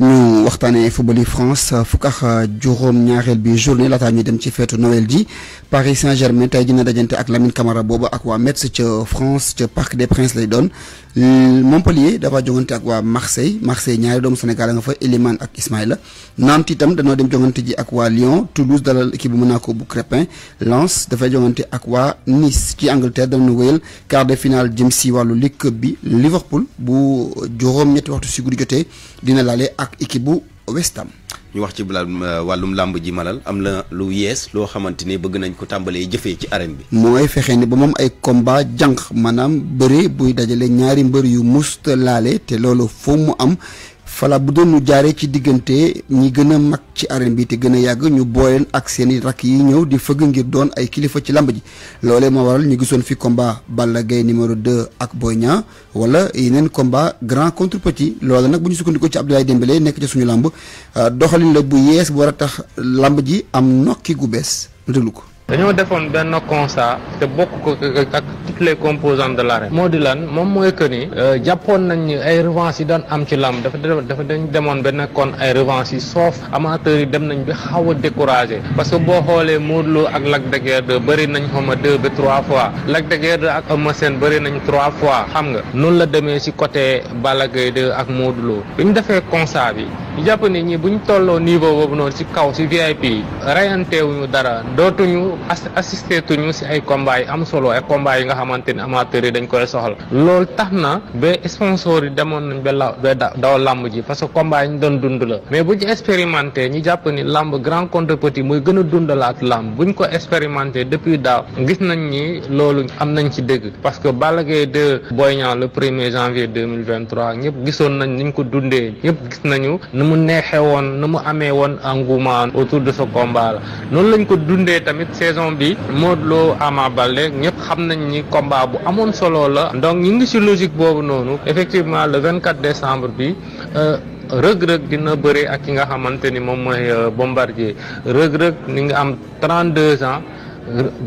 Nous, waxtane football France fukax ak euh, juróom bi journée dem Noël Paris Saint-Germain tay dina dajante ak Lamine Camara ak France Parc des Princes lay donne Euh, Montpellier dafa jongante ak waa Marseille Marseille ñaari doomu Sénégal a nga fa Eliman ak Ismaïla Nantes itam dañoo dem jongante ji ak waa Lyon Toulouse dalal équipe bu ko bu Crépin Lens dafay jongante ak waa Nice ci Angleterre dana wéyal quart de finale jëm si wàllu League Cup bi Liverpool bu juróom ñetti waxtu si guddi jotee dina laale ak équipe bu West Ham ñu wax ci euh, wàllum làmb ji malal am na lu yees loo xamante ni bëgg nañ ko tàmbalee jëfee ci arène bi. mooy fexe ni ba moom ay combat jànq maanaam bëre buy dajale ñaari mbër yu must te loolu foo mu am. fala bu doon ñu jaaree ci diggante ñi gën a mag ci arène bi te gën a yàgg ñu booleen ak seen i rakk yi ñëw di fëgg ngir doon ay kilifa ci lamb ji loolee moo waral ñu gisoon fi combat Balla Gaye numéro 2 ak Boy Niang wala yeneen combat grand contre petit loola nag bu ñu sukkandiku ci Abdoulaye Dembélé nekk ci suñu lamb doxalin la bu yees bu war a tax lamb ji am nokki gu bees lu déglu ko dañoo defoon benn constat te bokk ko ak toutes les composantes de l'arène moo di lan moom mooy que ni euh, jàppoon nañ ni ay revanche yi daan am ci làmb dafa dafa dañ demoon ba nekkoon ay revanche yi soof amateurs yi dem nañ bi xaw a parce que boo xoolee Modou Lo ak Lac de Guiers 2 bëri nañ xama deux ba trois fois Lac de Guiers 2 ak Eumeu Sène bëri nañ trois fois xam nga noonu la demee si côté Balla Gaye ak Modou Lo ñu defee constat bi ñu jàpp ni ñi bu ñu tolloo niveau boobu noonu si kaw si VIP yi rayantewuñu dara assisté tuñu si ay combat yi am solo ay combat yi nga xamante ni yi dañ koy soxla loolu tax na ba sponsor yi demoon nañ ba la ba daw làmb ji parce que combat yi ñu doon dund la mais bu ñu expérimenté ñu jàpp ni làmb grand contre petit muy gën a dundalaat làmb buñ ko expérimenté depuis daaw gis nañ ni loolu am nañ ci dëgg parce que Balla Gaye 2 Boy Niang le premier janvier 2023 ñëpp gisoon nañ niñ ko dundee ñëpp gis nañu nu mu neexee woon nu mu amee woon engouement autour de ce la saison bi Modou Lo Ama Baldé ñëpp xam nañ ni combat bu amoon solo la donc ñu ngi ci logique boobu noonu effectivement le 24 décembre bi euh, rëg-rëg dina bëre ak ki nga xamante ni moom mooy euh, bombardier rëg-rëg ni nga am 32 ans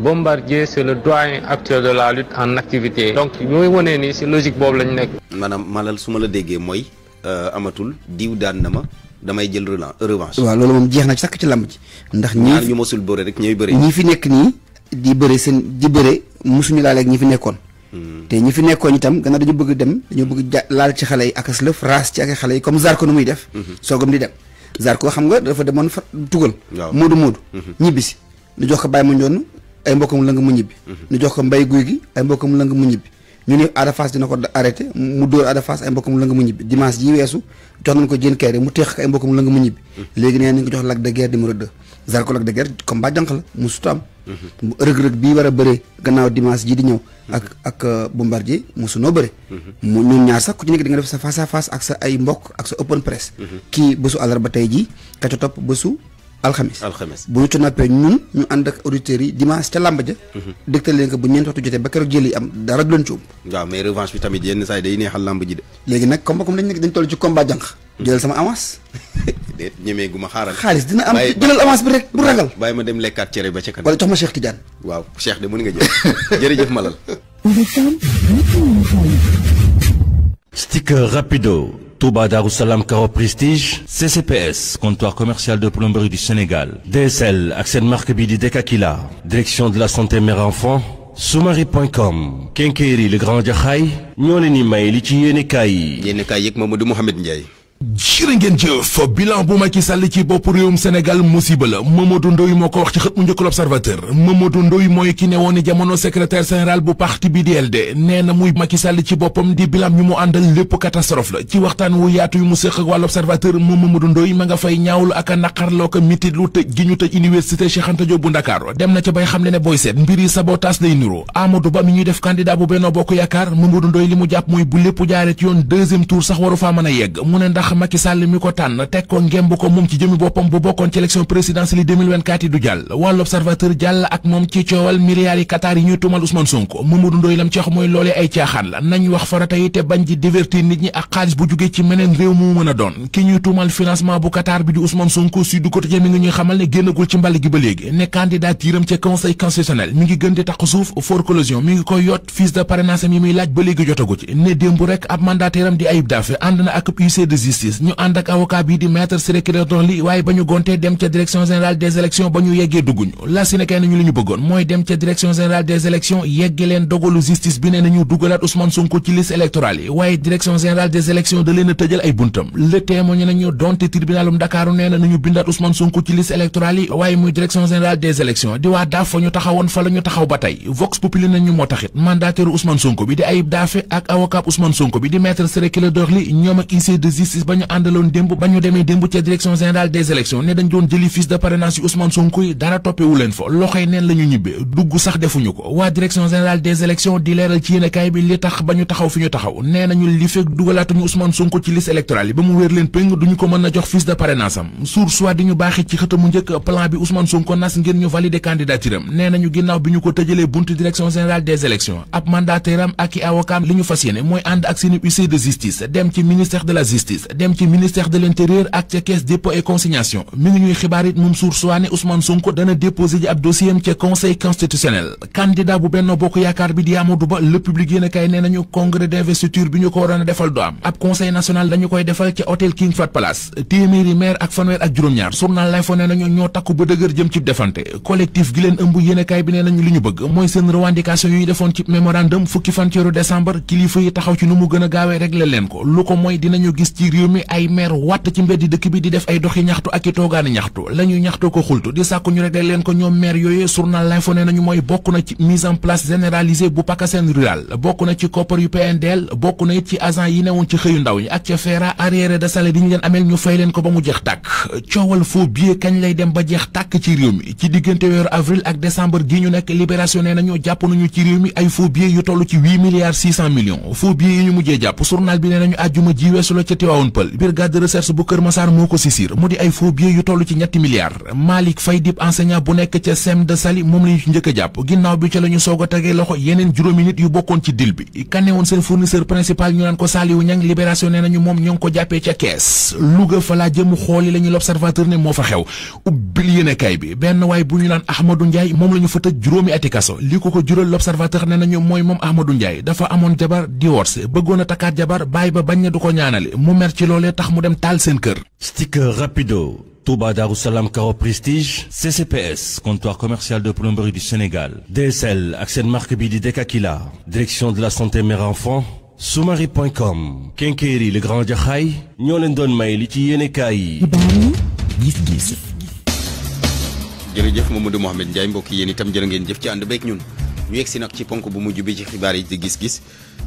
bombardier c'est le doyen actuel de la lutte en activité donc ñooy wonee nii ci logique boobu lañ nekk maanaam malal suma la déggee mooy euh, amatul diw daan na ma damay jël revanche. waaw loolu moom jeex na sakk ci làmb ci ndax ñaar ñu mosul bëre rek ñooy bëre. ñi fi nekk nii di bëre seen di bëre mosuñu laal ak ñi fi nekkoon. Hmm. te ñi fi nekkoon itam gannaaw dañu bëgg dem dañoo bëgg ja laal ci xale yi ak as lëf raas ci ak xale yi comme ko nu muy def. soo hmm. soogam di dem Zarko xam nga dafa demoon fa tugal. waaw moodu moodu. Hmm. ñibbisi ñu jox ko bàyyi mu njoon ay mbokkam lëng mu ñibbi. ñu jox ko mbay guy gi ay mbokkam lëng mu ñibbi. ñu ne Ada Fass dina ko arrêté mu dóor Ada Fass ay mbokkam lëng mu ñibbi dimanche ji weesu jox nañ ko jën kayre mu teex ak ay mbokkam lëng mu ñibbi léegi nee nañ ko jox Lac de Guiers numéro 2 Zarko Lac de Guiers combat jànq la mu suta am mhm. rëg-rëg bii war a bëree gannaaw dimanche ji di ñëw mhm. ak ak euh, bombardier mosunoo bëre mu mhm. ñun ñaar sax ku ci nekk di nga def sa face à ak sa ay mbokk ak sa open press kii bésu àllarba tey jii ka ca topp bésu alxamis alxamis bu ñu ci anda ñun ñu ànd ak auditeurs yi dimanche ca làmb ja mhm. dégtal leen ko bu ñeent waxtu jotee ba keroog jël am dara du leen ci um waaw mais revanche bi tamit yenn saa day neexal làmb ji de léegi nag combat comme dañ dañ ci combat mhm. sama avance Jadi ñemee gu ma xaaral xaalis dina am jëlal avance bi rek bu ragal bàyyi ma dem lekkaat cere ba ca kanam wala jox ma Cheikh Tidiane waaw Cheikh de nga jël malal sticker rapido Touba Darussalam Caro Prestige CCPS comptoir commercial de plomberie du Sénégal DSL axel de marque bi direction de la santé mère enfant Soumari.com, Kenkeri le grand jachai, Nyonini maïli ni may li ci Ndiaye jërë ngeen jëf bilan bu Macky Sall ci bopp réewum Sénégal musiba la Mamadou Ndoye moo ko wax ci xët mu njëkk l'Observateur Mamadou Ndoye mooy ki ne woon jamono secrétaire général bu parti bi di na muy Macky Sall ci boppam di bilan ñu mu àndal lépp catastrophe la ci waxtaan wu yaatu yu mu séq ak wàllu Observateur moom Mamadou Ndoye ma nga fay ñaawlu ak a naqarloo ko mitit lu tëj gi ñu tëj université Cheikh Anta bu Ndakaaru dem na ca bay xam le ne booy seet mbir yi sabotage lay niroo Amadou Ba mi ñuy def candidat bu Benno Bokk Yaakaar Mamadou Ndoye li mu jàpp mooy bu lépp jaare ci yoon deuxième tour sax waru a yegg mu ne tax Macky Sall mi ko tànn teg ko ngemb ko moom ci jëmi boppam bu ci élection présidentielle 2024 yi du jàll wàllu observateur ak moom ci coowal miliyaari Qatar yi ñuy tumal Ousmane Sonko Mamadou Ndoye lam ci wax mooy loolee ay caaxaan la nañ wax farata yi te bañ di divertir nit ñi ak xaalis bu jugee ci meneen réew mu mën doon ki ñuy tumal financement bu Qatar bi di Ousmane Sonko si du côté mi ñuy xamal ne génnagul ci mbàll gi ba léegi ne candidat yiram konsesional conseil constitutionnel mi ngi gën di taq koyot for collusion mi ngi koy yot fils de parrainage muy laaj ba ci ne démb rek ab mandataire am di Ayib Daffé ànd na ak uc justice ñu ànd ak avocat bii di maître Ciré Clédor Ly waaye ba ñu gontee dem ca direction générale des élections ba ñu yeggee dugguñu la nañu li bëggoon mooy dem ca direction générale des élections yegge leen dogalu justice bi nañu dugalaat Ousmane Sonko ci liste électorale yi des élections da leen a tëjal ay buntam nañu donte tribunalum Dakaaru ci liste électorale yi waaye muy direction des élections di waa daaf fa ñu taxawoon fa la ñu ba ñu àndaloon démb ba ñu demee démb ca direction générale des élections ne dañ doon jëli fiche de parrainage yi Ousmane Sonko yi dara toppewu leen fa loxoy neen la ñu dugg sax defuñu ko waa direction générale des élections di leeral ci yéenekaay bi li tax ba ñu taxaw fi ñu taxaw nee nañu li fekk dugalaatuñu Ousmane Sonko ci liste électorale yi ba mu wéer leen péng duñu ko mën a jox fiche de parrainage am soit di ñu baaxee ci xëta mu njëkk plan bi Ousmane Sonko nas ngir ñu ñu ko tëjalee buntu direction générale des élections ab mandataire am ak i yéene mooy ànd ak seeni huissier dem ci ministère de la justice dem ci ministère de l'intérieur ak ca caisse dépôt et consignation mi ngi ñuy xibaar it moom suur suwaane Ousmane Sonko dana déposé ji ab dossier ca conseil constitutionnel candidat bu benn bokk yaakaar bi di Amadou Ba le public yéen a nañu congrès d'investiture bi ñu ko waroon a defal do am ab conseil national dañu koy defal ca hôtel King Fahd Palace téeméeri maire ak fanweer ak juróom-ñaar journal lay fo nañu ñoo takku ba dëgër jëm ci defante collectif réew mi ay maire wàtt ci mbeddi dëkk bi di def ay doxi ñaxtu ak i toogaani ñaxtu la ñuy ñaxtoo ko xultu di sàkku ñu réglé leen ko ñoom maire yooyu journal l'info ne nañu mooy bokk na ci mise en place généralisée bu PACASEN rural bokk na ci koppar yu PNDL bokk na it ci agent yi newoon ci xëyu ndaw ñi ak ca feera arriéré de salaire ñu leen ameel ñu fay leen ko ba mu jeex tàkk coowal faux billet kañ lay dem ba jeex tàkk ci réew mi ci diggante weeru avril ak décembre ñu nekk libération ne nañu jàpp nañu ñu mujjee jàpp journal bi ne nañu àjjuma ji weesu nëmpal brigade de recherche bu Kër Massar moo ko sisir mu di ay faux billets yu toll ci ñetti milliards Malick Faye dib enseignant bu nekk ca sem de Saly moom la ñu ci njëkk a jàpp ginnaaw bi ca la ñu soog a tegee loxo yeneen juróomi nit yu bokkoon ci dil bi kane woon seen fournisseur principal ñu naan ko Saliou Niang libération nee nañu moom ñoo ko jàppee ca kees Louga fa jëm xooli la l'observateur ne moo fa xew ubbil yéenekaay bi ben waay bu ñu naan Ahmadou Ndiaye moom la ñu fa tëj juróomi ati kaso li ko jural l'observateur nee nañu mooy moom Ahmadou Ndiaye dafa amon jabar divorce bëggoon a jabar bàyyi ba bañ ne du ko mu mer ci loolee tax mu dem taal seen kër. sticker rapido Touba Darou Salam Caro Prestige CCPS comptoir commercial de plomberie du Sénégal DSL ak seen marque bi di Dekakila direction de la santé mère enfant soumari.com Kenkeri le grand jaxaay ñoo leen doon may li ci yéenekaay yi. gis-gis. jërëjëf Momadou Mohamed Ndiaye mbokk yéen itam jërë ngeen jëf ci ànd beeg ñun ñu yegg si nag ci ponk bu mujj bi ci xibaar yi di gis-gis.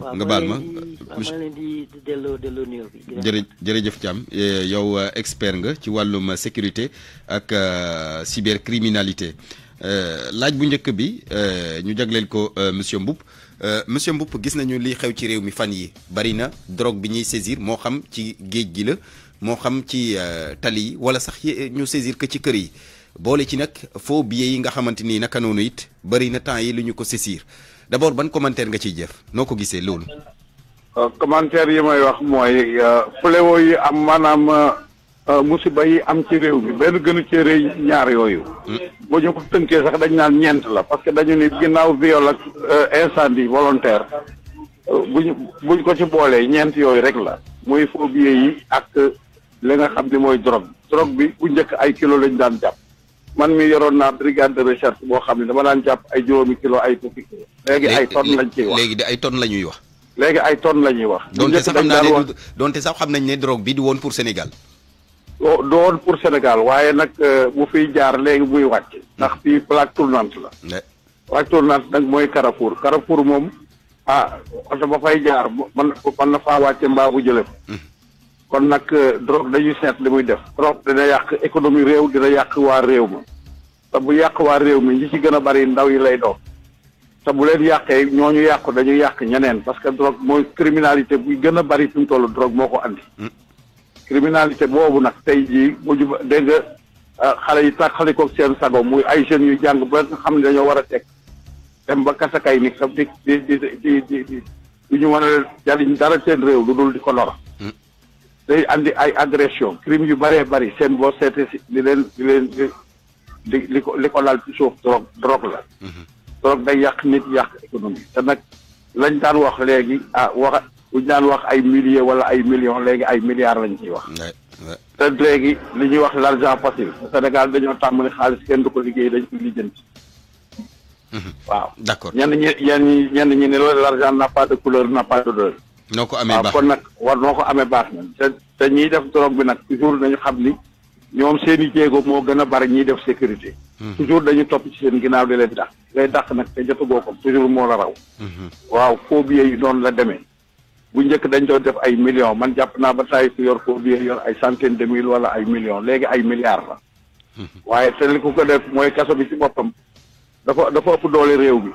nga baal ma ma leen di delloo eh, yow euh, expert nga ci wàllum euh, sécurité ak euh, cybercriminalité laaj bu njëkk bi ñu jagleel ko monsieur Mboup monsieur Mboup gis nañu li xew ci réew mi fan yi bari na drogue bi ñuy saisir moo xam ci géej gi la moo xam ci tali yi wala sax ñu saisir ko ci kër yi boole ci nag foo billets yi nga xamante ni naka noonu it bari na temps yi lu ñu ko saisir. d' abord ban commentaire nga ciy jëf noo ko gisee loolu. Euh, commentaire yi mooy wax mooy euh, fléau yi am maanaam euh, musiba yi am ci réew mi benn gënu ci rëy ñaar yooyu. Hmm. bu ñu ko tënkee sax dañ naan ñeent la parce que dañu ni ginnaaw viol ak incendie volontaire buñ buñ ko ci boolee ñeent yooyu rek la muy phobie yi ak li nga xam ne mooy drogue drogue bi bu njëkk ay kilo lañ daan jàpp. man mi yoroon naa brigade de recherche boo xam ne dama daan jàpp ay juróomi kilo ay fukki léegi ay tonnes lañ ciy wax léegi ay tonnes la ñuy wax léegi ay tonnes la ñuy wax donte sax xam naa ne donte sax xam nañ ne drogue bi du woon pour Sénégal oh, du woon pour Sénégal waaye nag euh, bu fi jaar léegi muy wàcc ndax fii plaque tournante la plaque tournante nag mooy Carrefour karapour moom ah oto ba fay jaar man mën na faa wàcce mbaa bu jële fa hmm. kon nag drogue dañuy seet li muy def drogue dina yàq économie réew dina yàq waa réew ma te bu yàq waa réew mi ñi ci gën a bari ndaw yi lay doon te bu leen yàqee ñooñu yàqu dañuy yàq ñeneen parce que drogue mooy criminalité bu gën a bari fi mu toll drogue moo ko andi criminalité boobu nag tey jii mujj ba dégg nga xale yi tàqalikoog seen sago muy ay jeunes yu jàng ba nga xam ne dañoo war a teg dem ba kasakay ni xam di di di di di di ñu mën a jariñ dara seen réew lu dul di ko lor day andi ay agression crime yu bare bari seen boo seete li leen li leen li li ko li ko laal ci suuf drogue drogue la mhm. drogue day yàq nit yàq économie te nag lañ daan wax léegi ah wax buñ daan wax ay milliers wala ay millions léegi ay milliards lañ ciy wax te léegi li ñuy wax l' argent facile Sénégal dañoo tàmbali xaalis kenn du ko liggéey dañ ko lijjanti mhm. waaw d' accord ñenn ñi ñenn ñi ñi ne l'argent n'a pas de couleur n'a pas d'odeur noo ko amee kon nag war noo ko amee baax na te te ñiy def drogue bi nag toujours dañu xam ni ñoom seeni i jéego moo gën a bari ñiy def sécurité. Hmm. toujours dañu topp ci seen ginnaaw di leen dàq. lay dàq nag te jotagoo ko toujours moo la raw. Hmm. waaw phobie yi noonu la demee. bu njëkk dañ doo def ay millions man jàpp naa ba taay yor phobie yor ay centaine de mille wala ay million léegi ay milliards la. Hmm. waaye te li ku ko def mooy kaso bi ci boppam. dafa dafa ëpp doole réew bi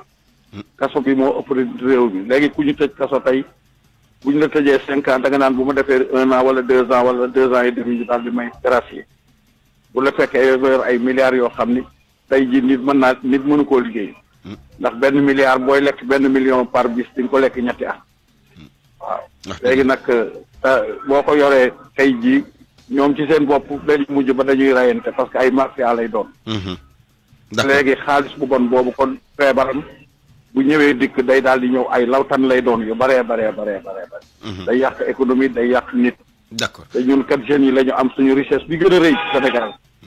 kaso bi moo réew bi léegi ku ñu kaso tey bu ñu la tëjee cinq ans da nga naan bu ma defee un an wala deux ans wala deux ans et demi ñu daal di may gracier bu la fekkee yor ay milliards yoo xam ni tey jii nit mën naa nit mënu koo liggéey ndax benn milliard booy lekk benn million par bis di ko lekk ñetti at waaw ah. léegi nag euh, boo ko yoree tey jii ñoom ci seen bopp dañu mujj ba dañuy rayante parce que ay mafia lay doon mm-hmm. léegi xaalis bu bon boobu kon feebaram bu ñëwee dikk day daal di ñëw ay lawtan lay doon yu baree baree baree baree bare mhm. day yàq économie day yàq nit d'accord te ñun kat jeunes yi la ñu am suñu richesse bi gën a rëy Sénégal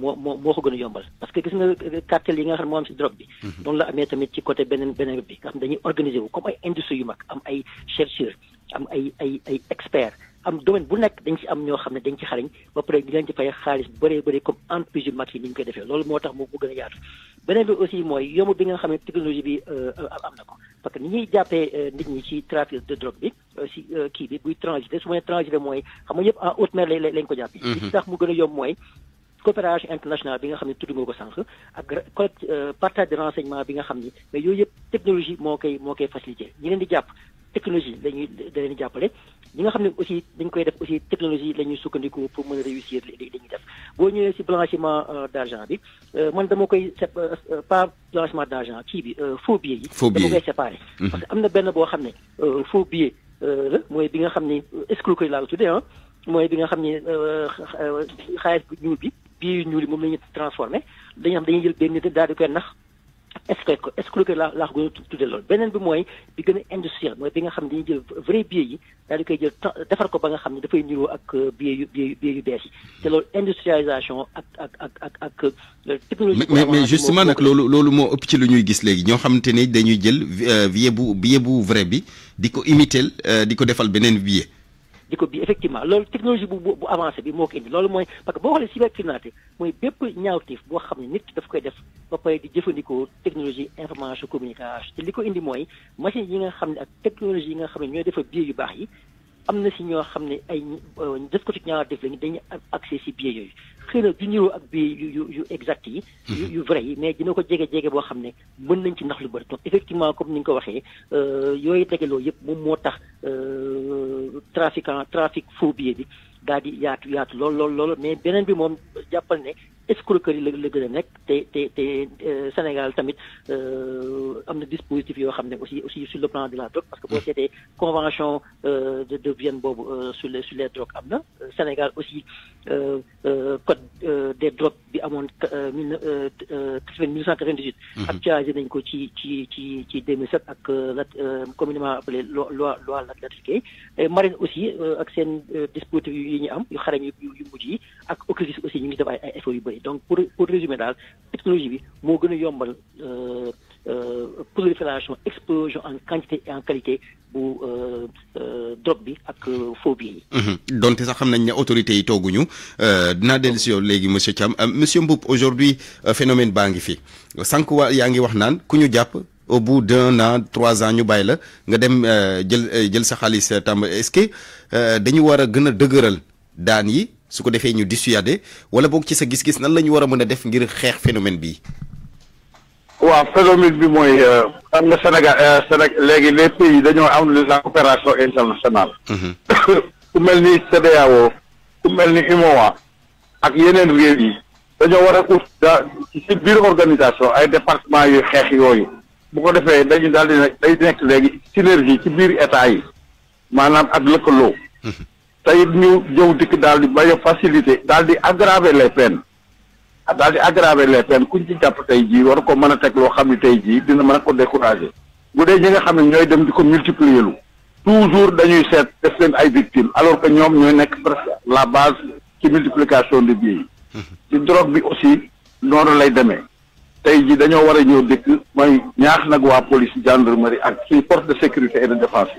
moo moo moo ko gën a yombal parce que gis nga cartel euh, yi nga xam moo am si drogue bi mhm. noonu la amee tamit ci côté beneen beneen bi nga xam dañuy organiser wu comme ay industrie yu am ay chercheurs am ay ay ay experts bu nekk dañ ci am ñoo xam ne dañ ci xarañ ba pare di xaalis bu bëree bëri comme entreprise yu mag yi ni ñu defee loolu moo tax mu gën a yaatu beneen bi mooy yomb bi nga xam ne technologie bi euh, am na ko ni ñuy jàppee euh, nit ñi ci trafic de bi si kii bi buy transiter su mooy xam nga yëpp en haute mer lañ ko jàppee. Mhm. li tax mu gën a yomb mooy. coopération internationale bi nga xam ne tudd nga ko sànq ak collecte euh, partage de renseignement bi nga xam ni mais yooyu yëpp technologie moo koy moo koy facilité ñi leen di jàpp technologie la ñuy da leen di jàppale ñi nga xam ne aussi dañ koy def aussi technologie lañuy ñuy sukkandiku pour mën a réussir li li ñuy def boo ñëwee si blanchiment euh, d' argent bi euh, man dama koy sep par blanchiment d' argent kii bi faux billets yi dama koy séparé mhm. parce que am na benn boo xam ne faux billet la mooy bi nga xam ne escroquerie laa ko mooy bi nga xam ne xaalis bu ñuul bi pieds ñu yi moom la ñu transformé am dañuy jël benn nit daal di koy nax escroquer que la la ko tuddee loolu. beneen bi mooy bi gën a industriel mooy bi nga xam ne dañuy jël vrai billets yi daal di koy jël defar ko ba nga xam ne dafay niroo ak euh, billets yu billets yu bees yi hmm. te loolu industrialisation ak ak ak ak ak euh, technologie. mais mais justement nag loolu loolu moo ëpp ci lu ñuy gis léegi ñoo xamante ne dañuy jël euh, billet bu billet bu vrai bi di ko imiter di ko defal beneen billet. di ko bii effectivement loolu technologie bu bu bi moo ko indi loolu mooy parce que boo xoolee cybercriminalité mooy bépp xam ne nit ki daf koy def ba pare di jëfandikoo technologie information communication te li ko indi mooy machine yi nga xam ne ak technologie yi nga xam ne ñooy defar biir yu baax yi am na si ñoo xam ne ay euh, def ko ci ñaawteef lañu dañuy accès si biir yooyu xëy na du niroo ak biir yu yu exact yi mhm. yu vrai yi mais dina ko jege-jege boo xam ne mën nañ ci ndax lu bëri donc effectivement comme ni nga ko waxee euh, yooyu dajaloo yëpp moom moo tax euh, trafiquant trafic faux billet bi daal di yaatu yaatu lool lool lool mais beneen bi moom jàppal ne escroquerie la la gën a nekk te te te euh, Sénégal tamit euh, am na dispositif yo xam aussi aussi sur le plan de la drogue parce que boo c'était convention euh de de Vienne bobu euh, sur les sur les drogues amna Sénégal aussi euh code des drogues bi amone mille mille cent quatre ko ci ci ci ci 2007 ak la communément appelé loi loi Latmingué marine aussi ak seen dispositif yi ñu am yu xarañ yu yu mujj ak OCRTIS aussi ñu ngi def ay efforts yu bëri donc pour pour résumer daal technologie bi moo gën a yombal euh, euh, prolifération explosion en quantité et en qualité bu euh, drop, bi ak faux billets yi. Mhm. donte sax xam nañ ne autorité yi tooguñu dinaa dellu si yow léegi monsieur Thiam monsieur Mboup aujourd'hui phénomène baa ngi fi sànq waa yaa ngi wax naan ku ñu jàpp. au bout d'un an trois ans ñu bàyyi la nga dem jël jël sa xaalis tàmb est-ce que dañu war a gën a dëgëral daan yi su ko defee ñu dissuader wala boog ci sa gis-gis nan la ñu war a mën a def ngir xeex phénomène bi waaw phénomène bi mooy euh, am nga Sénégal euh, Sénégal léegi les pays dañoo am la coopération internationale mhm. ku mel ni CEDEAO ku mel ni UMOA ak yeneen réew yi dañoo war a ut ci biir organisation ay département yu xeex yooyu bu ko defee dañu daal di day nekk léegi synergie ci biir état yi maanaam ak lëkkaloo mhm. tey ñu jëw dikk daal di bañ a facilité daal di aggraver les peines ah, daal di aggraver les peines kuñ ci jàpp tey jii war ko mën a teg loo xam ni tey jii dina mën a ko décourager bu dee ñi nga xam ne ñooy dem di ko multiplier lu toujours dañuy seet def leen ay victimes alors que ñoom ñooy nekk presque la base ci multiplication de biens yi mhm. ci drogue bi aussi noonu lay demee tey jii dañoo war a ñëw dëkk mooy ñaax nag waa police gendarmerie ak ci force de sécurité et de yi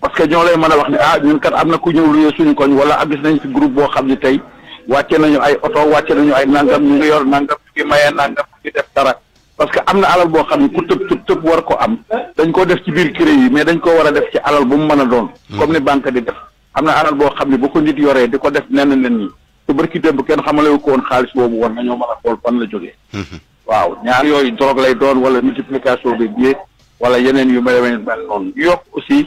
parce que ñoo lay mën a wax ne ah ñun kat am na ku ñëw lu suñu koñ wala gis nañ fi groupe boo xam ne tey wàcce nañu ay oto wàcce nañu ay nangam ñu ngi yor nangam ñu ngi maye nangam ñu ngi def dara parce que am na alal boo xam ne ku tëb tëb tëb war ko am dañ koo def ci biir cré yi mais dañ koo war a def ci alal bu mu mën a doon hmm. comme ni banque di def am na alal boo xam ne boo ko nit yoree di ko def nenn nen ñi su bërki démb kenn xamalewu ko woon xaalis boobu war nañoo mën a xool fan la jógee hmm. lay doon wala multiplication de biais wala yeneen yu mel mel noonu yokk aussi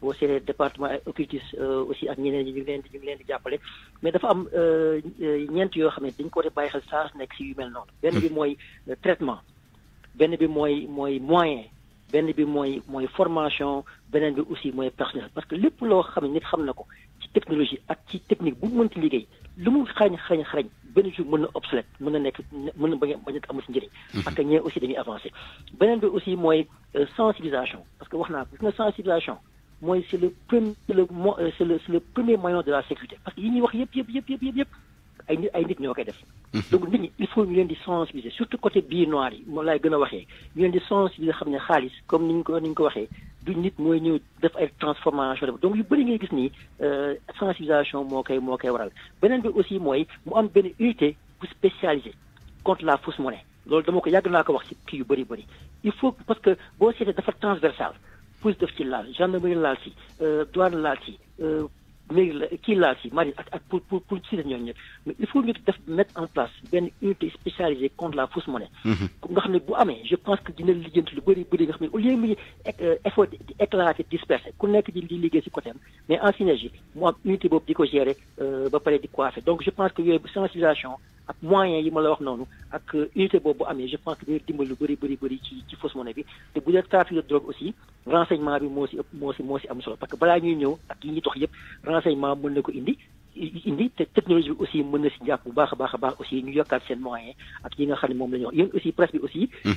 boo seetee département ay aussi ak ñeneen ñi ñu leen di ñu ngi leen di jàppale mais dafa am euh, euh, ñent yoo xam ne dañ ko def bàyyi xel saa nekk si yu mel noonu. Hmm. benn bi mooy euh, traitement benn bi mooy mooy moyen benn bi mooy mooy formation beneen bi aussi mooy personnel parce que lépp loo xam ne nit xam na ko ci technologie ak ci technique bu mu mënti liggéey lu mu xañ xañ xañ benn jour mën na obsolète mën na nekk mën na bañ a amul si njëriñ. parce hmm. que ñee aussi dañuy avancé beneen bi aussi mooy sensibilisation parce que wax naa gis nga sensibilisation. Moi, c'est le premier euh, le c'est le premier de la sécurité parce que yi gens ay nit ay nit def. Mhm. donc nit il faut ñu leen surtout côté noir yi moom sont gën a ñu di sensibiliser ne comme ni ko ni ko waxee du nit donc yu ngay gis sensibilisation aussi mu unité spécialiser contre la fausse monnaie dama ko ko wax ci yu il faut parce que boo seetee dafa transversal police de ci laal gendarmerie laal ci euh, douane laal ci euh, mairie kii laal ci mari ak ak pour pour pour ci ñoo ñëpp mais il faut ñu def mettre en place benn unité spécialisée contre la fausse monnaie. Mhm. nga xam ne bu amee je pense que dina lijjanti lu bëri bëri nga xam ne au lieu de euh, effort di éclaté dispersé ku nekk di di liggéey si côté am mais en synergie mu am unité boobu di ko gérer ba pare di coiffer donc je pense que yooyu sensibilisation. ak moyens yi ma la wax noonu ak unité boobu amee je pense que lu bëri bëri bëri ci ci fausse monnaie bi te moo si ëpp moo si moo si am solo parce que balaa ñuy ñëw ak yi dox yëpp mën na ko indi indi te technologie bi aussi mën na si jàpp bu baax a a baax aussi ñu yokkaat hmm.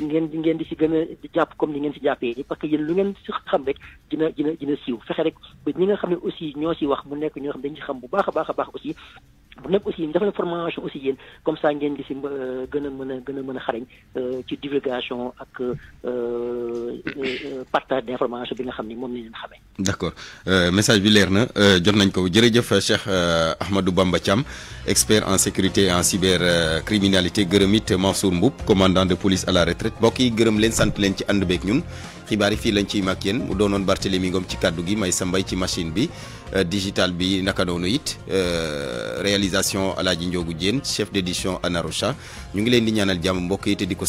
ngeen ngeen di si gën a ngeen si jàppee ni parce que yéen lu ngeen si xam rek dina xam ne aussi ñoo si wax mu nekk ñoo xam dañu xam bu baax a baax a baax aussi lépp aussi ñu defal formation aussi yéen comme ça ngeen di si euh, gën a mën a gën a mën a xarañ euh, ci divulgation ak euh, partage d' information bi nga xam ni moom la leen xamee. d' accord message bi leer na jot nañ ko jërëjëf Cheikh Ahmadou Bamba Thiam expert en sécurité et en cybercriminalité gërëm it Mansour Mboup commandant de police à la retraite mbokk yi gërëm leen sant leen ci ànd beeg ñun. xibaar yi fii lañ ciy mag yéen mu doonoon Barthélémy Ngom ci kàddu gi may sambay ci machine bi euh, digital bi naka noonu it euh, réalisation Alaaji Njoogu Jéen chef d'édition Anarocha ñu ngi leen di ñaanal jàmm mbokk yi te di ko